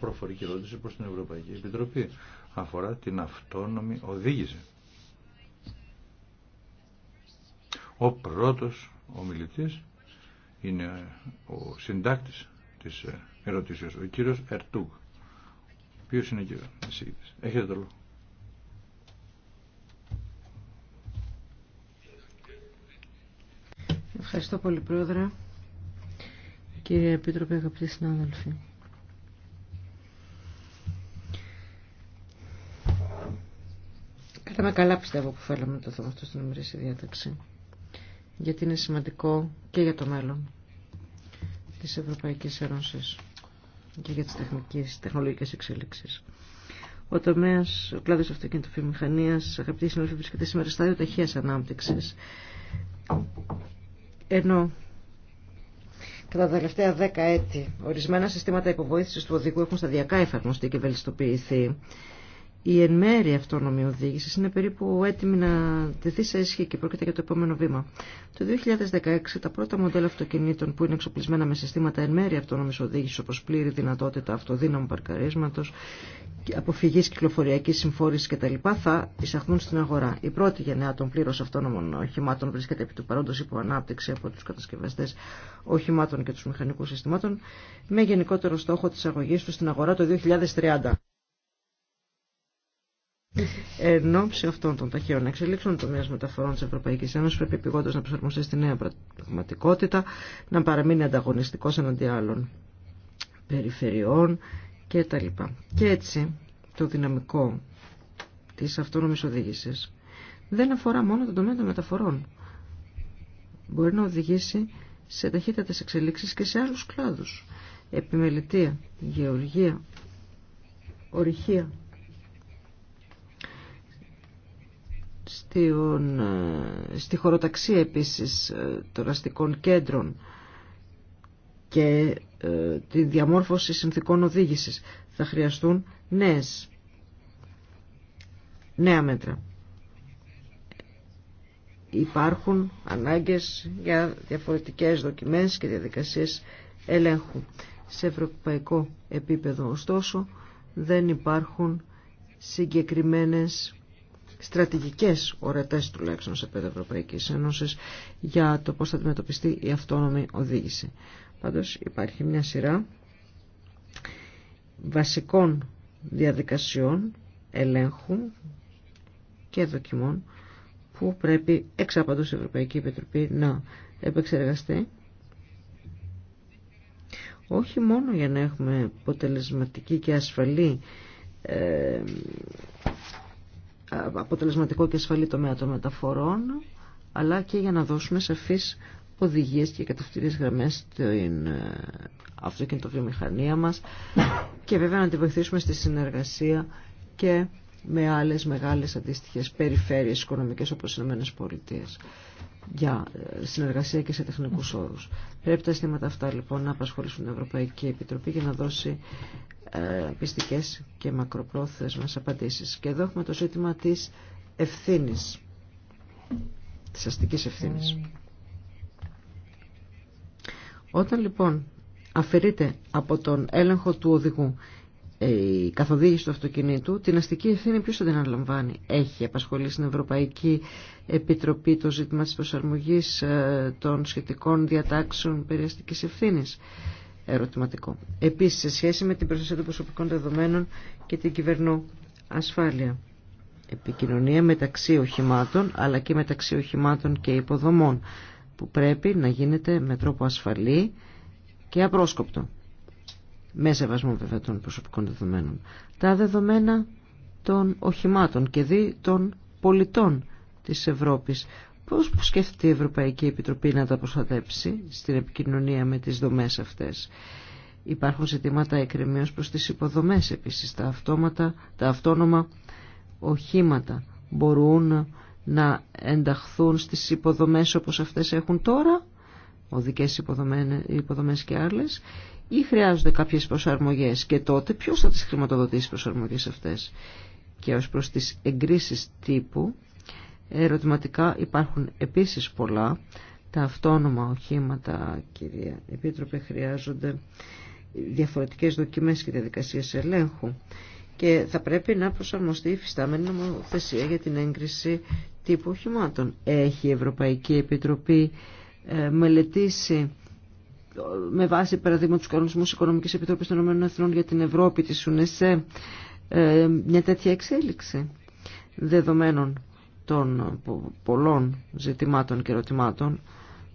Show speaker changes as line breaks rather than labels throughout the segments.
προφορική ερώτηση προς την Ευρωπαϊκή Επιτροπή. Αφορά την αυτόνομη οδήγηση. Ο πρώτος ομιλητής είναι ο συντάκτης της ερωτήσεως, ο κύριος Ερτούγ. Ποιος είναι ο κύριος Έχετε το λόγο.
Ευχαριστώ πολύ, Πρόεδρε. Κύριε Επίτροπε, αγαπητοί συνάδελφοι. με καλά πιστεύω που φέραμε το θέμα αυτό στην ημερήσια διάταξη. Γιατί είναι σημαντικό και για το μέλλον τη Ευρωπαϊκή Ένωση και για τις τεχνικές, τεχνολογικές εξέλιξεις. Ο τομέα, ο κλάδο αυτοκινητοβιομηχανία, αγαπητοί συνάδελφοι, βρίσκεται σήμερα στάδιο ταχεία ανάπτυξη. Ενώ κατά τα τελευταία δέκα έτη ορισμένα συστήματα υποβοήθηση του οδηγού έχουν σταδιακά εφαρμοστεί και βελτιστοποιηθεί η εν μέρη αυτόνομη οδήγηση είναι περίπου έτοιμη να τεθεί σε ισχύ και πρόκειται για το επόμενο βήμα. Το 2016 τα πρώτα μοντέλα αυτοκινήτων που είναι εξοπλισμένα με συστήματα εν μέρη αυτόνομη οδήγηση όπω πλήρη δυνατότητα αυτοδύναμου παρκαρίσματο, αποφυγή κυκλοφοριακή συμφόρηση κτλ. θα εισαχθούν στην αγορά. Η πρώτη γενεά των πλήρω αυτόνομων οχημάτων βρίσκεται επί του παρόντο υπό ανάπτυξη από του κατασκευαστέ οχημάτων και του μηχανικού συστημάτων με γενικότερο στόχο τη αγωγή του στην αγορά το 2030. Εν ώψη αυτών των ταχύων. εξελίξεων, το τομέα μεταφορών τη Ευρωπαϊκή Ένωση πρέπει επιγόντω να προσαρμοστεί στη νέα πραγματικότητα, να παραμείνει ανταγωνιστικό εναντί άλλων περιφερειών κτλ. Και έτσι το δυναμικό τη αυτόνομη οδήγηση δεν αφορά μόνο τον τομέα των μεταφορών. Μπορεί να οδηγήσει σε ταχύτατε εξελίξει και σε άλλου κλάδου. επιμελητία, γεωργία, ορυχία, στην, ε, στη χωροταξία επίσης ε, των αστικών κέντρων και ε, τη διαμόρφωση συνθήκων οδήγησης. Θα χρειαστούν νέες, νέα μέτρα. Υπάρχουν ανάγκες για διαφορετικές δοκιμές και διαδικασίες ελέγχου. Σε ευρωπαϊκό επίπεδο, ωστόσο, δεν υπάρχουν συγκεκριμένες στρατηγικές ορατές τουλάχιστον σε επίπεδο Ευρωπαϊκής για το πώς θα αντιμετωπιστεί η αυτόνομη οδήγηση. Πάντως υπάρχει μια σειρά βασικών διαδικασιών ελέγχου και δοκιμών που πρέπει εξαπαντούς η Ευρωπαϊκή Επιτροπή να επεξεργαστεί όχι μόνο για να έχουμε αποτελεσματική και ασφαλή ε, αποτελεσματικό και ασφαλή τομέα των μεταφορών, αλλά και για να δώσουμε σαφείς οδηγίες και κατευθυντικές γραμμές στην ε, αυτοκινητοβιομηχανία μας και βέβαια να τη βοηθήσουμε στη συνεργασία και με άλλες μεγάλες αντίστοιχες περιφέρειες οικονομικές όπως οι ΗΠΑ για ε, συνεργασία και σε τεχνικού όρου. Πρέπει τα αισθήματα αυτά λοιπόν να απασχολήσουν την Ευρωπαϊκή Επιτροπή για να δώσει ε, πιστικέ και μακροπρόθεσμε απαντήσει. Και εδώ έχουμε το ζήτημα τη ευθύνη, τη αστική ευθύνη. Όταν λοιπόν αφαιρείται από τον έλεγχο του οδηγού ε, η καθοδήγηση του αυτοκινήτου, την αστική ευθύνη ποιος την αναλαμβάνει. Έχει απασχολήσει στην Ευρωπαϊκή Επιτροπή το ζήτημα τη προσαρμογής ε, των σχετικών διατάξεων περί αστική ευθύνη. Ερωτηματικό. Επίσης, σε σχέση με την προστασία των προσωπικών δεδομένων και την κυβερνό ασφάλεια. Επικοινωνία μεταξύ οχημάτων, αλλά και μεταξύ οχημάτων και υποδομών, που πρέπει να γίνεται με τρόπο ασφαλή και απρόσκοπτο με σεβασμό βέβαια των προσωπικών δεδομένων, τα δεδομένα των οχημάτων και δι των πολιτών της Ευρώπης. Πώς σκέφτεται η Ευρωπαϊκή Επιτροπή να τα προστατέψει στην επικοινωνία με τις δομές αυτές. Υπάρχουν ζητήματα εκκρεμίως προς τις υποδομές επίσης. Τα, αυτόματα, τα αυτόνομα οχήματα μπορούν να ενταχθούν στις υποδομές όπως αυτές έχουν τώρα, οδικές υποδομές και άλλες ή χρειάζονται κάποιες προσαρμογές και τότε ποιος θα τις χρηματοδοτήσει τις προσαρμογές αυτές. Και ως προς τις εγκρίσεις τύπου ερωτηματικά υπάρχουν επίσης πολλά. Τα αυτόνομα οχήματα, κυρία Επίτροπε, χρειάζονται διαφορετικές δοκιμές και διαδικασίες ελέγχου και θα πρέπει να προσαρμοστεί η φυστάμενη νομοθεσία για την έγκριση τύπου οχημάτων. Έχει η Ευρωπαϊκή Επιτροπή ε, μελετήσει με βάση παραδείγμα του κανονισμού Οικονομικής Επιτροπής των ΗΠΑ για την Ευρώπη, της ΟΝΕΣΕ, μια τέτοια εξέλιξη δεδομένων των πολλών ζητημάτων και ερωτημάτων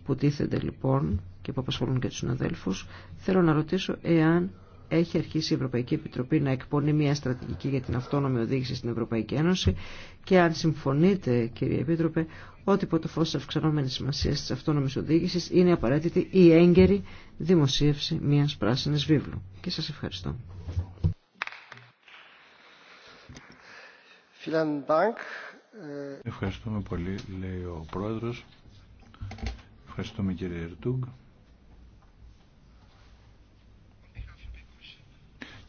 που τίθενται λοιπόν και που απασχολούν και τους συναδέλφους, θέλω να ρωτήσω εάν έχει αρχίσει η Ευρωπαϊκή Επιτροπή να εκπονεί μια στρατηγική για την αυτόνομη οδήγηση στην Ευρωπαϊκή Ένωση και αν συμφωνείτε κύριε Επίτροπε ότι υπό το φως της αυξανόμενης σημασίας της αυτόνομης οδήγησης είναι απαραίτητη η έγκαιρη δημοσίευση μιας πράσινης βίβλου. Και σας ευχαριστώ.
Ευχαριστούμε πολύ, λέει ο Πρόεδρος. Ευχαριστούμε κύριε Ερτούγκ.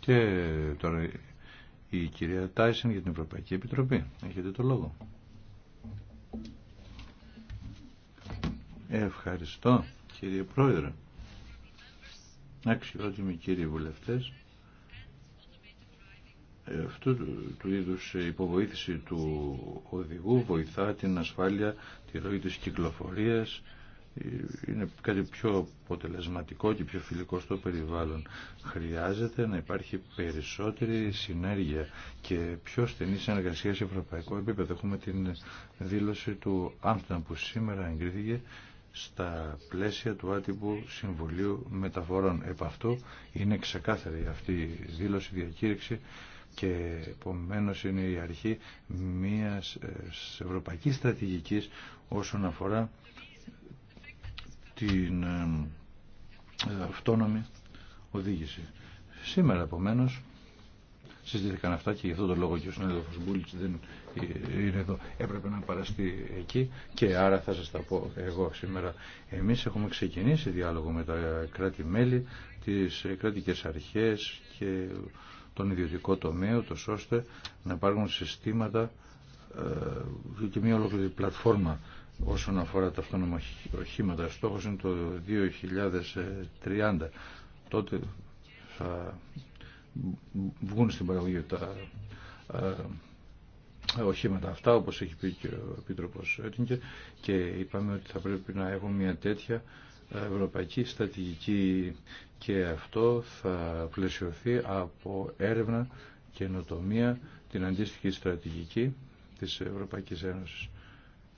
Και τώρα η κυρία Τάισεν για την Ευρωπαϊκή Επιτροπή. Έχετε το λόγο. Ευχαριστώ κύριε Πρόεδρε. Αξιότιμοι κύριοι βουλευτές, αυτού του είδους υποβοήθηση του οδηγού βοηθά την ασφάλεια, τη ροή της κυκλοφορίας, είναι κάτι πιο αποτελεσματικό και πιο φιλικό στο περιβάλλον. Χρειάζεται να υπάρχει περισσότερη συνέργεια και πιο στενή συνεργασία σε ευρωπαϊκό επίπεδο. Έχουμε την δήλωση του Άμστερνταμ που σήμερα εγκρίθηκε στα πλαίσια του άτυπου Συμβουλίου Μεταφορών. Επ' αυτού είναι ξεκάθαρη αυτή η δήλωση, η διακήρυξη και επομένω είναι η αρχή μιας ε, ευρωπαϊκής στρατηγικής όσον αφορά την αυτόνομη οδήγηση. Σήμερα επομένω συζητήθηκαν αυτά και γι' αυτό το λόγο και ο συνάδελφο Μπούλιτ δεν είναι εδώ. Έπρεπε να παραστεί εκεί και άρα θα σα τα πω εγώ σήμερα. Εμεί έχουμε ξεκινήσει διάλογο με τα κράτη-μέλη, τι κρατικέ αρχέ και τον ιδιωτικό τομέα, το ώστε να υπάρχουν συστήματα ε, και μια ολόκληρη πλατφόρμα όσον αφορά τα αυτόνομα οχήματα. Στόχος είναι το 2030. Τότε θα βγουν στην παραγωγή τα οχήματα αυτά, όπως έχει πει και ο Επίτροπος και είπαμε ότι θα πρέπει να έχουμε μια τέτοια ευρωπαϊκή στρατηγική και αυτό θα πλαισιωθεί από έρευνα, και καινοτομία, την αντίστοιχη στρατηγική της Ευρωπαϊκής Ένωσης.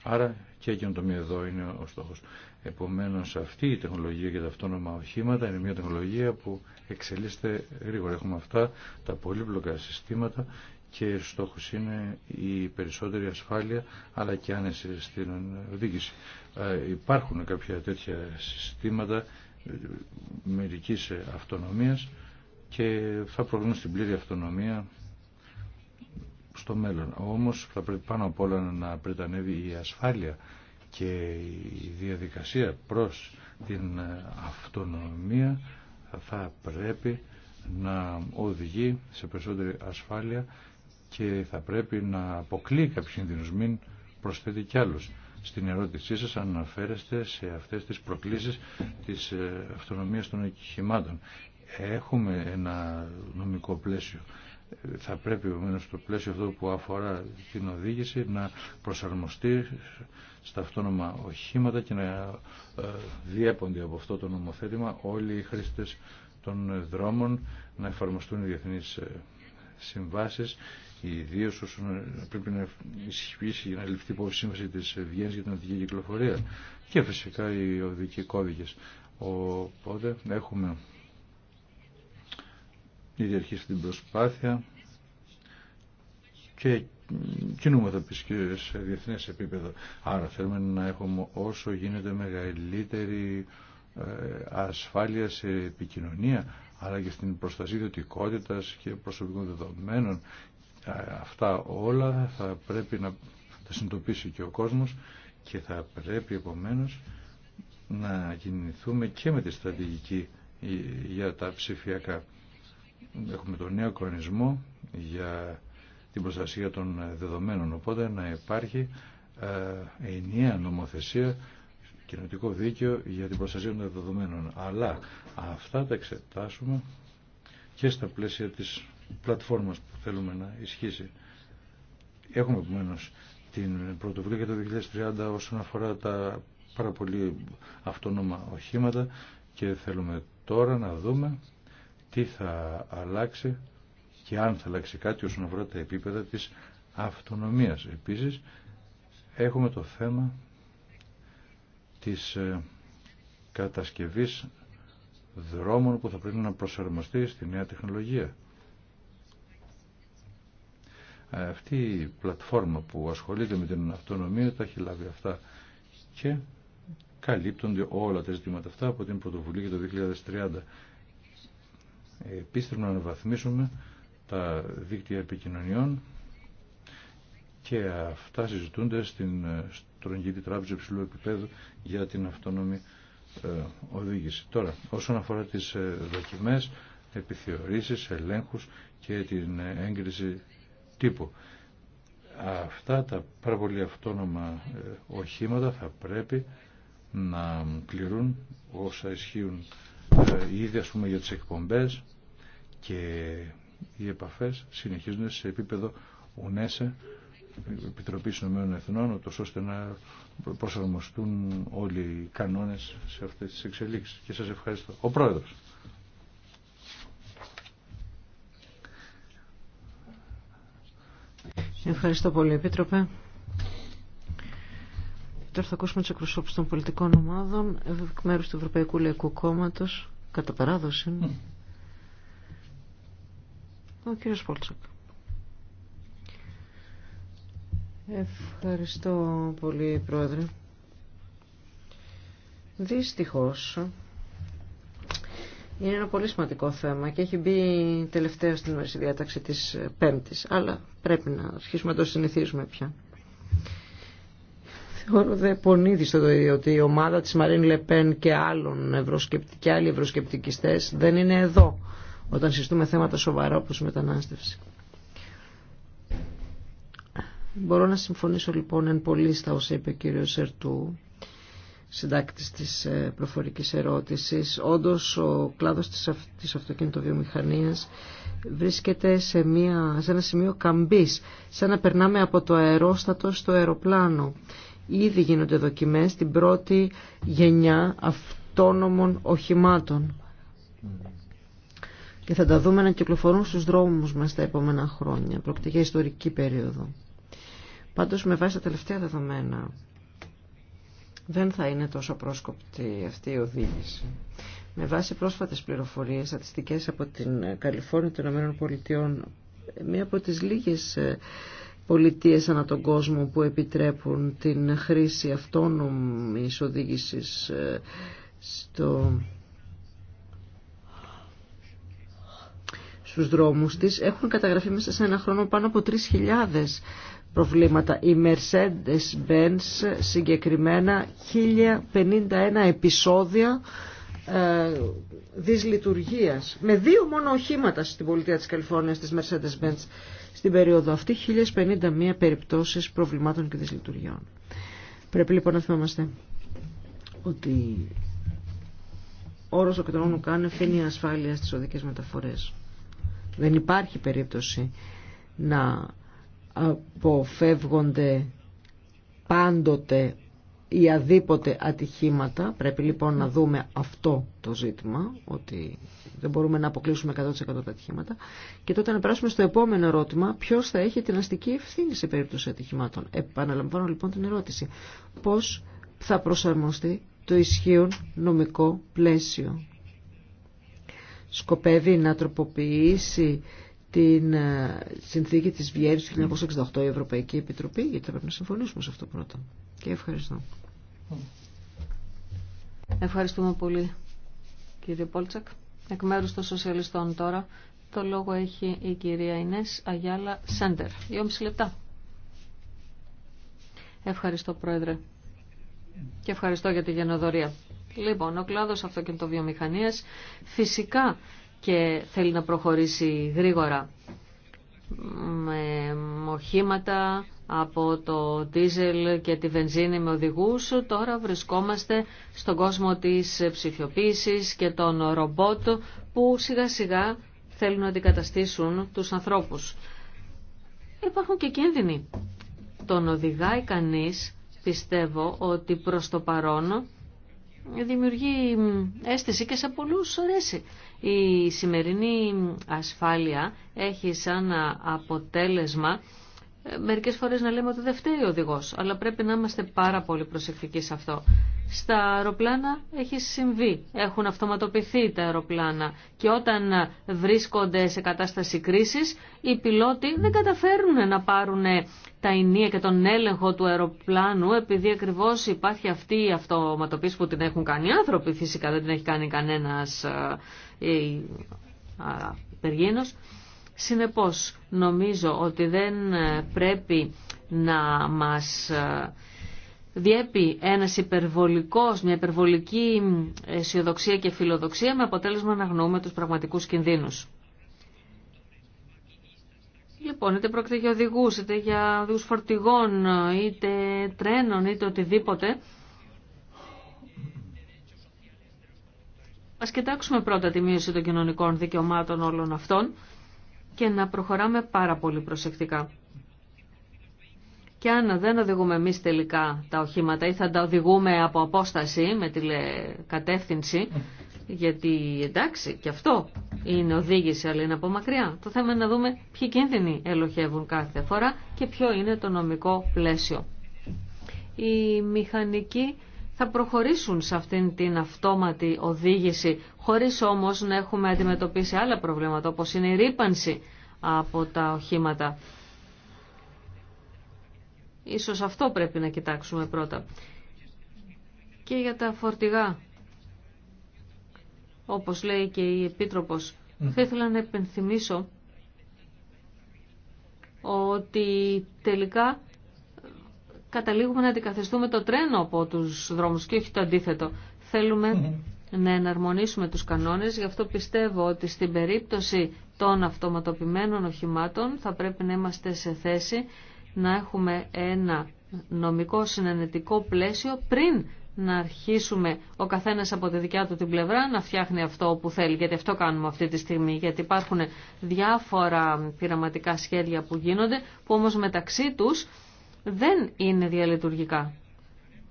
Άρα και η μία εδώ είναι ο στόχος. Επομένως αυτή η τεχνολογία για τα αυτόνομα οχήματα είναι μια τεχνολογία που εξελίσσεται γρήγορα. Έχουμε αυτά τα πολύπλοκα συστήματα και στόχος είναι η περισσότερη ασφάλεια αλλά και άνεση στην οδήγηση. Ε, υπάρχουν κάποια τέτοια συστήματα ε, μερικής ε, αυτονομίας και θα προβούν στην πλήρη αυτονομία στο μέλλον. Όμως θα πρέπει πάνω απ' όλα να πρετανεύει η ασφάλεια και η διαδικασία προς την αυτονομία θα πρέπει να οδηγεί σε περισσότερη ασφάλεια και θα πρέπει να αποκλείει κάποιους κινδύνους, μην προσθέτει κι άλλους. Στην ερώτησή σας αναφέρεστε σε αυτές τις προκλήσεις της ε, αυτονομίας των οχημάτων. Έχουμε ένα νομικό πλαίσιο θα πρέπει ομένως στο πλαίσιο αυτό που αφορά την οδήγηση να προσαρμοστεί στα αυτόνομα οχήματα και να ε, διέπονται από αυτό το νομοθέτημα όλοι οι χρήστες των δρόμων να εφαρμοστούν οι διεθνείς ε, συμβάσεις ιδίω όσο πρέπει να ισχύσει να ληφθεί η σύμβαση της Βιέννης για την οδική κυκλοφορία και φυσικά οι οδικοί κώδικες. Οπότε έχουμε η στην την προσπάθεια και κινούμε θα σε διεθνές επίπεδο. Άρα θέλουμε να έχουμε όσο γίνεται μεγαλύτερη ε, ασφάλεια σε επικοινωνία αλλά και στην προστασία ιδιωτικότητας και προσωπικών δεδομένων. Ε, αυτά όλα θα πρέπει να τα συνειδητοποιήσει και ο κόσμος και θα πρέπει επομένως να κινηθούμε και με τη στρατηγική ε, για τα ψηφιακά έχουμε τον νέο κρονισμό για την προστασία των δεδομένων. Οπότε να υπάρχει ε, ενιαία νομοθεσία κοινωτικό δίκαιο για την προστασία των δεδομένων. Αλλά αυτά τα εξετάσουμε και στα πλαίσια της πλατφόρμας που θέλουμε να ισχύσει. Έχουμε επομένω την πρωτοβουλία για το 2030 όσον αφορά τα πάρα πολύ αυτόνομα οχήματα και θέλουμε τώρα να δούμε τι θα αλλάξει και αν θα αλλάξει κάτι όσον αφορά τα επίπεδα της αυτονομίας. Επίσης έχουμε το θέμα της ε, κατασκευής δρόμων που θα πρέπει να προσαρμοστεί στη νέα τεχνολογία. Ε, αυτή η πλατφόρμα που ασχολείται με την αυτονομία τα έχει λάβει αυτά και καλύπτονται όλα τα ζητήματα αυτά από την πρωτοβουλία για το 2030 επίσης να αναβαθμίσουμε τα δίκτυα επικοινωνιών και αυτά συζητούνται στην ε, Στρογγυλή Τράπεζα Υψηλού Επιπέδου για την αυτόνομη ε, οδήγηση. Τώρα, όσον αφορά τις ε, δοκιμές, επιθεωρήσεις, ελέγχους και την έγκριση τύπου. Αυτά τα πάρα πολύ αυτόνομα οχήματα θα πρέπει να κληρούν όσα ισχύουν ε, ήδη ας πούμε για τις εκπομπές και οι επαφές συνεχίζουν σε επίπεδο UNESE, Επιτροπή Ηνωμένων Εθνών, ώστε να προσαρμοστούν όλοι οι κανόνες σε αυτές τις εξελίξεις. Και σας ευχαριστώ. Ο Πρόεδρος.
Ευχαριστώ πολύ, Επίτροπε. Τώρα θα ακούσουμε του εκπροσώπου των πολιτικών ομάδων εκ μέρου του Ευρωπαϊκού Λαϊκού Κόμματο, κατά παράδοση. Ο κύριος Πόλτσακ. Ευχαριστώ πολύ, Πρόεδρε. Δυστυχώς, είναι ένα πολύ σημαντικό θέμα και έχει μπει τελευταία στην ημερήσια διάταξη της Πέμπτης, αλλά πρέπει να αρχίσουμε να το συνηθίζουμε πια. Θεωρώ δε πονίδιστο το ίδιο ότι η ομάδα της Μαρίν Λεπέν και άλλων και άλλοι ευρωσκεπτικιστές δεν είναι εδώ όταν συζητούμε θέματα σοβαρά όπως η μετανάστευση. Μπορώ να συμφωνήσω λοιπόν εν πολύ στα όσα είπε ο κύριος Ερτού, συντάκτης της ε, προφορικής ερώτησης. Όντως ο κλάδος της, αυ της αυτοκινητοβιομηχανίας βρίσκεται σε, μια, σε ένα σημείο καμπής, σαν να περνάμε από το αερόστατο στο αεροπλάνο. Ήδη γίνονται δοκιμές στην πρώτη γενιά αυτόνομων οχημάτων. Και θα τα δούμε να κυκλοφορούν στους δρόμους μας τα επόμενα χρόνια. Πρόκειται για ιστορική περίοδο. Πάντως με βάση τα τελευταία δεδομένα δεν θα είναι τόσο πρόσκοπτη αυτή η οδήγηση. Με βάση πρόσφατες πληροφορίες, στατιστικές από την Καλιφόρνια των ΗΠΑ, μία από τις λίγες ε, πολιτείες ανά τον κόσμο που επιτρέπουν την χρήση αυτόνομης οδήγησης ε, στο... στους δρόμους της έχουν καταγραφεί μέσα σε ένα χρόνο πάνω από 3.000 προβλήματα. Η Mercedes-Benz συγκεκριμένα 1.051 επεισόδια ε, δυσλειτουργίας με δύο μόνο οχήματα στην πολιτεία της Καλιφόρνιας της Mercedes-Benz στην περίοδο αυτή 1051 περιπτώσεις προβλημάτων και δυσλειτουργιών. Πρέπει λοιπόν να θυμάμαστε ότι όρος ο κάνει φαίνει η ασφάλεια στις οδικές μεταφορές. Δεν υπάρχει περίπτωση να αποφεύγονται πάντοτε ή αδίποτε ατυχήματα. Πρέπει λοιπόν να δούμε αυτό το ζήτημα, ότι δεν μπορούμε να αποκλείσουμε 100% τα ατυχήματα. Και τότε να περάσουμε στο επόμενο ερώτημα, ποιο θα έχει την αστική ευθύνη σε περίπτωση ατυχημάτων. Επαναλαμβάνω λοιπόν την ερώτηση. Πώ θα προσαρμοστεί το ισχύον νομικό πλαίσιο. Σκοπεύει να τροποποιήσει την ε, συνθήκη της Βιέρης του 1968 η Ευρωπαϊκή Επιτροπή, γιατί θα πρέπει να συμφωνήσουμε σε αυτό πρώτα. Και ευχαριστώ.
Ευχαριστούμε πολύ κύριε Πόλτσακ. Εκ μέρους των σοσιαλιστών τώρα το λόγο έχει η κυρία Ινές Αγιάλα Σέντερ. μισή λεπτά. Ευχαριστώ πρόεδρε. Και ευχαριστώ για τη γενοδορία. Λοιπόν, ο κλάδος αυτοκινητοβιομηχανίας φυσικά και θέλει να προχωρήσει γρήγορα με οχήματα από το δίζελ και τη βενζίνη με οδηγούς. Τώρα βρισκόμαστε στον κόσμο της ψηφιοποίησης και των ρομπότ που σιγά σιγά θέλουν να αντικαταστήσουν τους ανθρώπους. Υπάρχουν και κίνδυνοι. Τον οδηγάει κανείς, πιστεύω, ότι προς το παρόν δημιουργεί αίσθηση και σε πολλούς αρέσει. Η σημερινή ασφάλεια έχει σαν αποτέλεσμα ε, μερικές φορές να λέμε ότι δεν φταίει ο οδηγός, αλλά πρέπει να είμαστε πάρα πολύ προσεκτικοί σε αυτό. Στα αεροπλάνα έχει συμβεί, έχουν αυτοματοποιηθεί τα αεροπλάνα και όταν βρίσκονται σε κατάσταση κρίσης, οι πιλότοι δεν καταφέρουν να πάρουν ε, τα ενία και τον έλεγχο του αεροπλάνου, επειδή ακριβώς υπάρχει αυτή η αυτοματοποίηση που την έχουν κάνει οι άνθρωποι, φυσικά δεν την έχει κάνει κανένας ε, η Περγίνος. Συνεπώς, νομίζω ότι δεν ε, πρέπει να μας ε, διέπει ένας υπερβολικός, μια υπερβολική αισιοδοξία και φιλοδοξία με αποτέλεσμα να γνωρούμε τους πραγματικούς κινδύνους. Λοιπόν, είτε πρόκειται για οδηγού, είτε για οδηγού φορτηγών, είτε τρένων, είτε οτιδήποτε, Ας κοιτάξουμε πρώτα τη μείωση των κοινωνικών δικαιωμάτων όλων αυτών και να προχωράμε πάρα πολύ προσεκτικά. Και αν δεν οδηγούμε εμεί τελικά τα οχήματα ή θα τα οδηγούμε από απόσταση με τηλεκατεύθυνση, γιατί εντάξει και αυτό είναι οδήγηση αλλά είναι από μακριά. Το θέμα είναι να δούμε ποιοι κίνδυνοι ελοχεύουν κάθε φορά και ποιο είναι το νομικό πλαίσιο. Η μηχανική θα προχωρήσουν σε αυτήν την αυτόματη οδήγηση, χωρίς όμως να έχουμε αντιμετωπίσει άλλα προβλήματα, όπως είναι η ρήπανση από τα οχήματα. Ίσως αυτό πρέπει να κοιτάξουμε πρώτα. Και για τα φορτηγά, όπως λέει και η Επίτροπος, θα ήθελα να επενθυμίσω ότι τελικά καταλήγουμε να αντικαθιστούμε το τρένο από τους δρόμους και όχι το αντίθετο. Θέλουμε ναι. να εναρμονίσουμε τους κανόνες, γι' αυτό πιστεύω ότι στην περίπτωση των αυτοματοποιημένων οχημάτων θα πρέπει να είμαστε σε θέση να έχουμε ένα νομικό συνενετικό πλαίσιο πριν να αρχίσουμε ο καθένας από τη δικιά του την πλευρά να φτιάχνει αυτό που θέλει, γιατί αυτό κάνουμε αυτή τη στιγμή, γιατί υπάρχουν διάφορα πειραματικά σχέδια που γίνονται, που όμως μεταξύ τους δεν είναι διαλειτουργικά.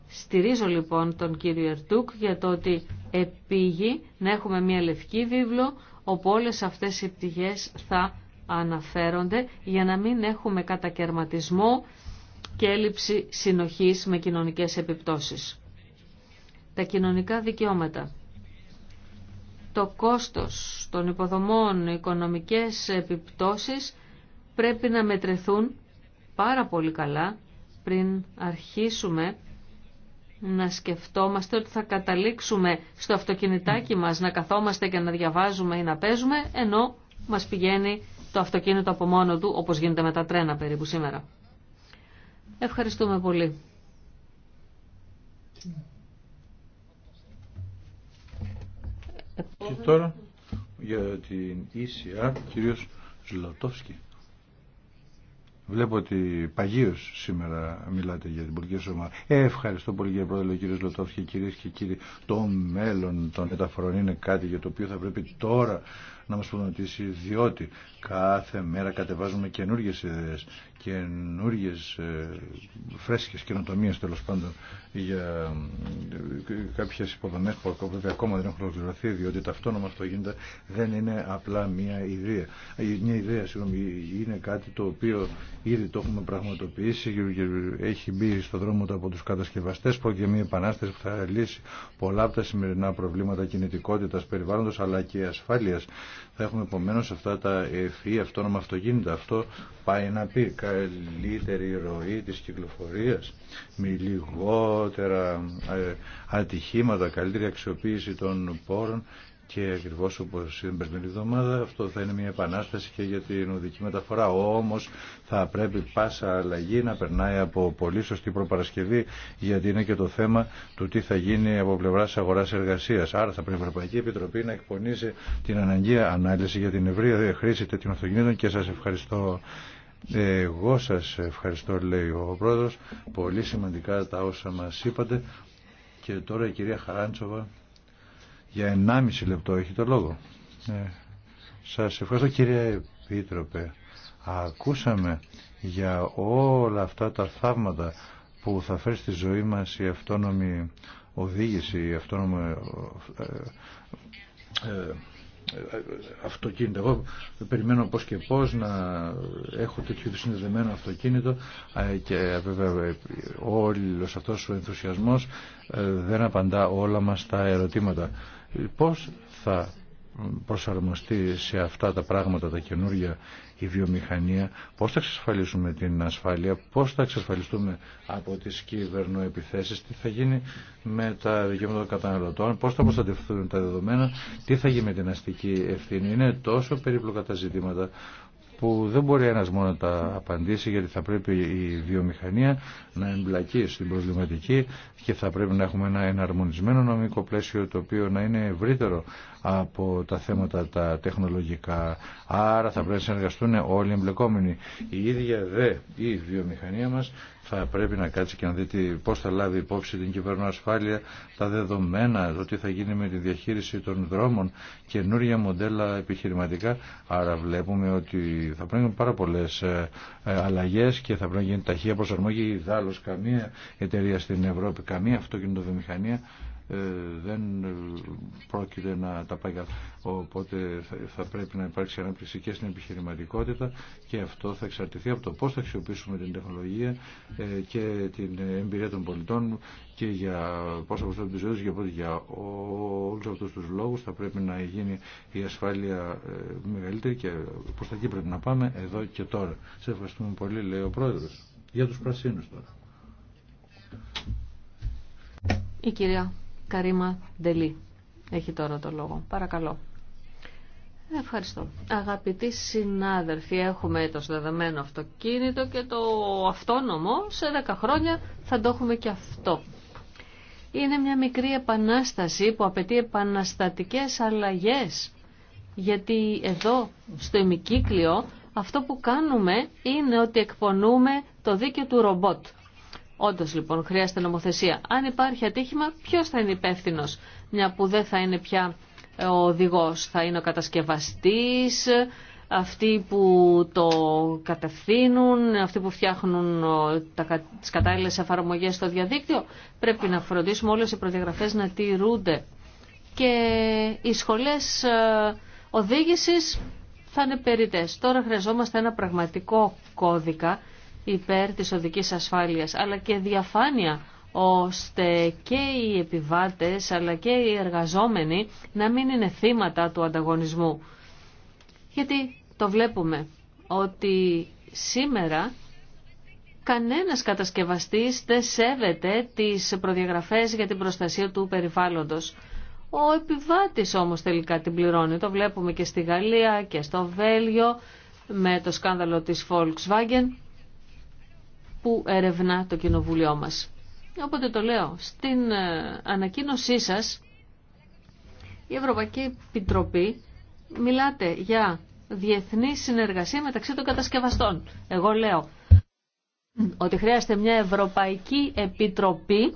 Στηρίζω λοιπόν τον κύριο Ερτούκ για το ότι επήγει να έχουμε μια λευκή βίβλο όπου όλες αυτές οι πτυχές θα αναφέρονται για να μην έχουμε κατακαιρματισμό και έλλειψη συνοχής με κοινωνικές επιπτώσεις. Τα κοινωνικά δικαιώματα. Το κόστος των υποδομών, οικονομικές επιπτώσεις πρέπει να μετρεθούν πάρα πολύ καλά πριν αρχίσουμε να σκεφτόμαστε ότι θα καταλήξουμε στο αυτοκινητάκι μας να καθόμαστε και να διαβάζουμε ή να παίζουμε ενώ μας πηγαίνει το αυτοκίνητο από μόνο του όπως γίνεται με τα τρένα περίπου σήμερα. Ευχαριστούμε πολύ.
Και τώρα για την Ίσια, κυρίως Ζλωτόφσκι. Βλέπω ότι παγίω σήμερα μιλάτε για την πολιτική σώμα. Ε, ευχαριστώ πολύ κύριε Πρόεδρε, κύριε Λοτόφ και κυρίε και κύριοι. Το μέλλον των μεταφορών είναι κάτι για το οποίο θα πρέπει τώρα να μας προγραμματίσει διότι κάθε μέρα κατεβάζουμε καινούργιες ιδέες, καινούργιες ε, φρέσκες καινοτομίες τέλος πάντων για ε, κάποιες υποδομές που βέβαια ακόμα δεν έχουν ολοκληρωθεί διότι τα το γίνεται δεν είναι απλά μια ιδέα. Ε, μια ιδέα, συγγνώμη, είναι κάτι το οποίο ήδη το έχουμε πραγματοποιήσει και έχει μπει στο δρόμο του από τους κατασκευαστές που και μια επανάσταση που θα λύσει πολλά από τα σημερινά προβλήματα κινητικότητας περιβάλλοντος αλλά και ασφάλειας θα έχουμε επομένω αυτά τα ευφύ αυτόνομα αυτοκίνητα. Αυτό πάει να πει καλύτερη ροή της κυκλοφορίας με λιγότερα ε, ατυχήματα, καλύτερη αξιοποίηση των πόρων και ακριβώ όπω την περσμένη εβδομάδα, αυτό θα είναι μια επανάσταση και για την οδική μεταφορά. Όμω θα πρέπει πάσα αλλαγή να περνάει από πολύ σωστή προπαρασκευή, γιατί είναι και το θέμα του τι θα γίνει από πλευρά αγορά-εργασία. Άρα θα πρέπει η Ευρωπαϊκή Επιτροπή να εκπονήσει την αναγκαία ανάλυση για την ευρεία χρήση τέτοιων αυτοκινήτων και σα ευχαριστώ. Εγώ σα ευχαριστώ λέει ο πρόεδρος, πολύ σημαντικά τα όσα μα είπατε και τώρα η κυρία Χαράντσοβα. Για 1,5 λεπτό έχει το λόγο. Ε, σας ευχαριστώ κύριε Επίτροπε. Ακούσαμε για όλα αυτά τα θαύματα που θα φέρει στη ζωή μας η αυτόνομη οδήγηση, η αυτόνομη ε, ε, ε, αυτοκίνητο. Εγώ περιμένω πώς και πώς να έχω τέτοιο συνδεδεμένο αυτοκίνητο και βέβαια όλος αυτός ο ενθουσιασμός δεν απαντά όλα μας τα ερωτήματα. Πώς θα προσαρμοστεί σε αυτά τα πράγματα τα καινούργια η βιομηχανία, πώς θα εξασφαλίσουμε την ασφάλεια, πώς θα εξασφαλιστούμε από τις κυβερνοεπιθέσεις, τι θα γίνει με τα δικαιώματα των καταναλωτών, πώς θα προστατευτούν τα δεδομένα, τι θα γίνει με την αστική ευθύνη. Είναι τόσο περίπλοκα τα ζητήματα που δεν μπορεί ένας μόνο να τα απαντήσει γιατί θα πρέπει η βιομηχανία να εμπλακεί στην προβληματική και θα πρέπει να έχουμε ένα εναρμονισμένο νομικό πλαίσιο το οποίο να είναι ευρύτερο από τα θέματα τα τεχνολογικά. Άρα θα πρέπει να συνεργαστούν όλοι οι εμπλεκόμενοι. Η ίδια δε η βιομηχανία μας θα πρέπει να κάτσει και να δει πώ θα λάβει υπόψη την ασφάλεια τα δεδομένα, το τι θα γίνει με τη διαχείριση των δρόμων, καινούργια μοντέλα επιχειρηματικά. Άρα βλέπουμε ότι θα πρέπει να πάρα πολλέ ε, ε, αλλαγέ και θα πρέπει να γίνει ταχεία προσαρμογή. Ιδάλω καμία εταιρεία στην Ευρώπη, καμία αυτοκινητοβιομηχανία ε, δεν ε, πρόκειται να τα πάει καλά. Οπότε θα πρέπει να υπάρξει ανάπτυξη και στην επιχειρηματικότητα και αυτό θα εξαρτηθεί από το πώς θα αξιοποιήσουμε την τεχνολογία ε, και την εμπειρία των πολιτών και για πώς προσθέτουν τις ζωές και για όλους αυτούς τους λόγους θα πρέπει να γίνει η ασφάλεια μεγαλύτερη και προς τα εκεί πρέπει να πάμε εδώ και τώρα. Σε ευχαριστούμε πολύ λέει ο Πρόεδρος. Για τους πρασίνους τώρα.
Η κυρία Καρίμα Ντελή. Έχει τώρα το λόγο. Παρακαλώ. Ευχαριστώ. Αγαπητοί συνάδελφοι, έχουμε το συνδεδεμένο αυτοκίνητο και το αυτόνομο. Σε 10 χρόνια θα το έχουμε και αυτό. Είναι μια μικρή επανάσταση που απαιτεί επαναστατικές αλλαγές. Γιατί εδώ, στο ημικύκλιο, αυτό που κάνουμε είναι ότι εκπονούμε το δίκαιο του ρομπότ. Όντω λοιπόν χρειάζεται νομοθεσία. Αν υπάρχει ατύχημα, ποιο θα είναι υπεύθυνο, μια που δεν θα είναι πια ε, ο οδηγό, θα είναι ο κατασκευαστή, αυτοί που το κατευθύνουν, αυτοί που φτιάχνουν τι κατάλληλε εφαρμογέ στο διαδίκτυο. Πρέπει να φροντίσουμε όλε οι προδιαγραφέ να τηρούνται. Και οι σχολέ ε, οδήγηση θα είναι περίτε. Τώρα χρειαζόμαστε ένα πραγματικό κώδικα υπέρ της οδικής ασφάλειας, αλλά και διαφάνεια ώστε και οι επιβάτες αλλά και οι εργαζόμενοι να μην είναι θύματα του ανταγωνισμού. Γιατί το βλέπουμε ότι σήμερα κανένας κατασκευαστής δεν σέβεται τις προδιαγραφές για την προστασία του περιβάλλοντος. Ο επιβάτης όμως τελικά την πληρώνει. Το βλέπουμε και στη Γαλλία και στο Βέλγιο με το σκάνδαλο της Volkswagen που ερευνά το κοινοβούλιο μας. Οπότε το λέω, στην ε, ανακοίνωσή σας η Ευρωπαϊκή Επιτροπή μιλάτε για διεθνή συνεργασία μεταξύ των κατασκευαστών. Εγώ λέω ότι χρειάζεται μια Ευρωπαϊκή Επιτροπή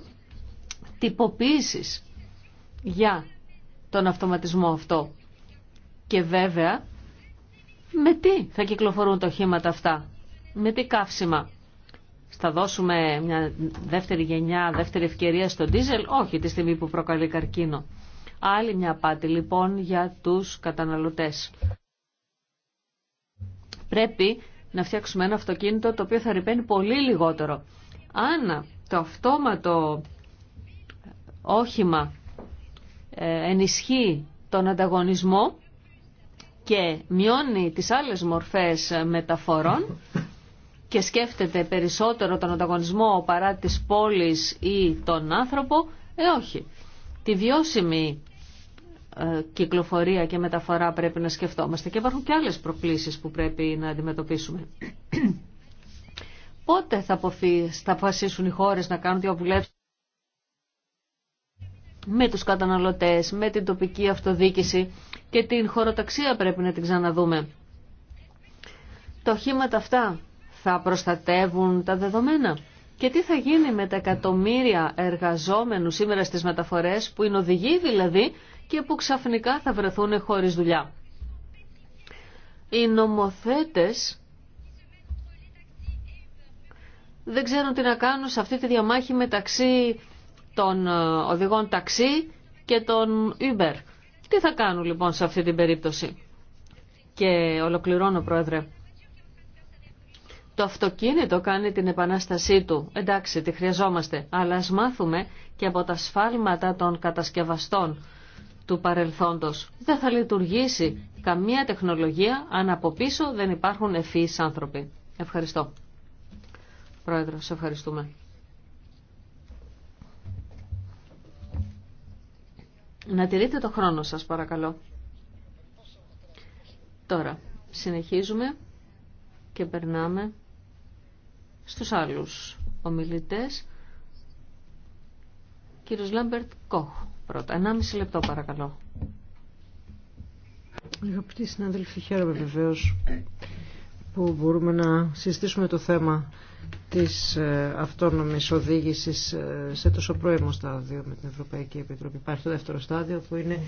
τυποποίησης για τον αυτοματισμό αυτό. Και βέβαια, με τι θα κυκλοφορούν τα οχήματα αυτά, με τι καύσιμα θα δώσουμε μια δεύτερη γενιά, δεύτερη ευκαιρία στο ντίζελ. Όχι, τη στιγμή που προκαλεί καρκίνο. Άλλη μια απάτη λοιπόν για τους καταναλωτές. Πρέπει να φτιάξουμε ένα αυτοκίνητο το οποίο θα ρηπαίνει πολύ λιγότερο. Αν το αυτόματο όχημα ε, ενισχύει τον ανταγωνισμό και μειώνει τις άλλες μορφές μεταφορών, και σκέφτεται περισσότερο τον ανταγωνισμό παρά της πόλης ή τον άνθρωπο, ε όχι. Τη βιώσιμη ε, κυκλοφορία και μεταφορά πρέπει να σκεφτόμαστε και υπάρχουν και άλλες προκλήσεις που πρέπει να αντιμετωπίσουμε. Πότε θα, θα αποφασίσουν οι χώρες να κάνουν διαβουλεύσεις με τους καταναλωτές, με την τοπική αυτοδίκηση και την χωροταξία πρέπει να την ξαναδούμε. Τα οχήματα αυτά θα προστατεύουν τα δεδομένα. Και τι θα γίνει με τα εκατομμύρια εργαζόμενους σήμερα στις μεταφορές που είναι οδηγοί δηλαδή και που ξαφνικά θα βρεθούν χωρίς δουλειά. Οι νομοθέτες δεν ξέρουν τι να κάνουν σε αυτή τη διαμάχη μεταξύ των ε, οδηγών ταξί και των Uber. Τι θα κάνουν λοιπόν σε αυτή την περίπτωση. Και ολοκληρώνω πρόεδρε. Το αυτοκίνητο κάνει την επανάστασή του. Εντάξει, τη χρειαζόμαστε. Αλλά ας μάθουμε και από τα σφάλματα των κατασκευαστών του παρελθόντος. Δεν θα λειτουργήσει καμία τεχνολογία αν από πίσω δεν υπάρχουν ευφύς άνθρωποι. Ευχαριστώ. Πρόεδρο, σε ευχαριστούμε. Να τηρείτε το χρόνο σας παρακαλώ. Τώρα, συνεχίζουμε και περνάμε στους άλλους ομιλητές. Κύριος Λάμπερτ Κόχ πρώτα. 1,5 λεπτό παρακαλώ.
Αγαπητοί συνάδελφοι, χαίρομαι βεβαίω που μπορούμε να συζητήσουμε το θέμα της ε, αυτόνομης οδήγησης ε, σε τόσο πρώιμο στάδιο με την Ευρωπαϊκή Επιτροπή. Υπάρχει το δεύτερο στάδιο που είναι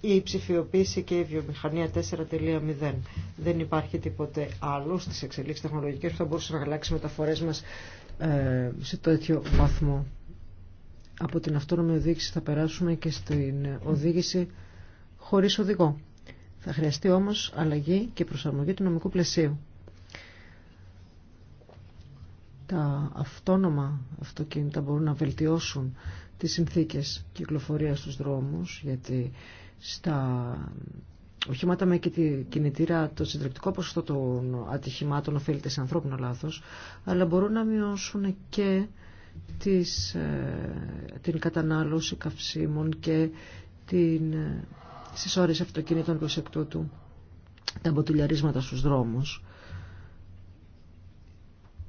η ψηφιοποίηση και η βιομηχανία 4.0. Δεν υπάρχει τίποτε άλλο στις εξελίξεις τεχνολογικές που θα μπορούσε να αλλάξει μεταφορές μας ε, σε τέτοιο βαθμό. Από την αυτόνομη οδήγηση θα περάσουμε και στην οδήγηση χωρίς οδηγό. Θα χρειαστεί όμως αλλαγή και προσαρμογή του νομικού πλαισίου. Τα αυτόνομα αυτοκίνητα μπορούν να βελτιώσουν τις συνθήκες κυκλοφορίας στους δρόμους, γιατί στα οχήματα με κινητήρα το συντριπτικό ποσοστό των ατυχημάτων οφείλεται σε ανθρώπινο λάθος, αλλά μπορούν να μειώσουν και ε, την κατανάλωση καυσίμων και την ε, ώρες αυτοκινήτων προς εκ τούτου τα μποτιλιαρίσματα στους δρόμους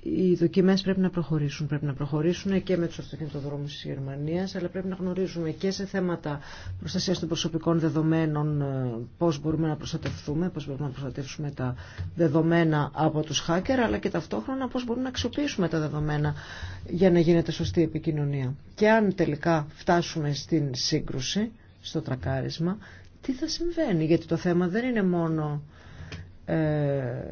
οι δοκιμέ πρέπει να προχωρήσουν. Πρέπει να προχωρήσουν και με του αυτοκινητοδρόμου τη Γερμανία, αλλά πρέπει να γνωρίζουμε και σε θέματα προστασία των προσωπικών δεδομένων ε, πώ μπορούμε να προστατευτούμε, πώ μπορούμε να προστατεύσουμε τα δεδομένα από του hacker, αλλά και ταυτόχρονα πώ μπορούμε να αξιοποιήσουμε τα δεδομένα για να γίνεται σωστή επικοινωνία. Και αν τελικά φτάσουμε στην σύγκρουση, στο τρακάρισμα, τι θα συμβαίνει, γιατί το θέμα δεν είναι μόνο... Ε,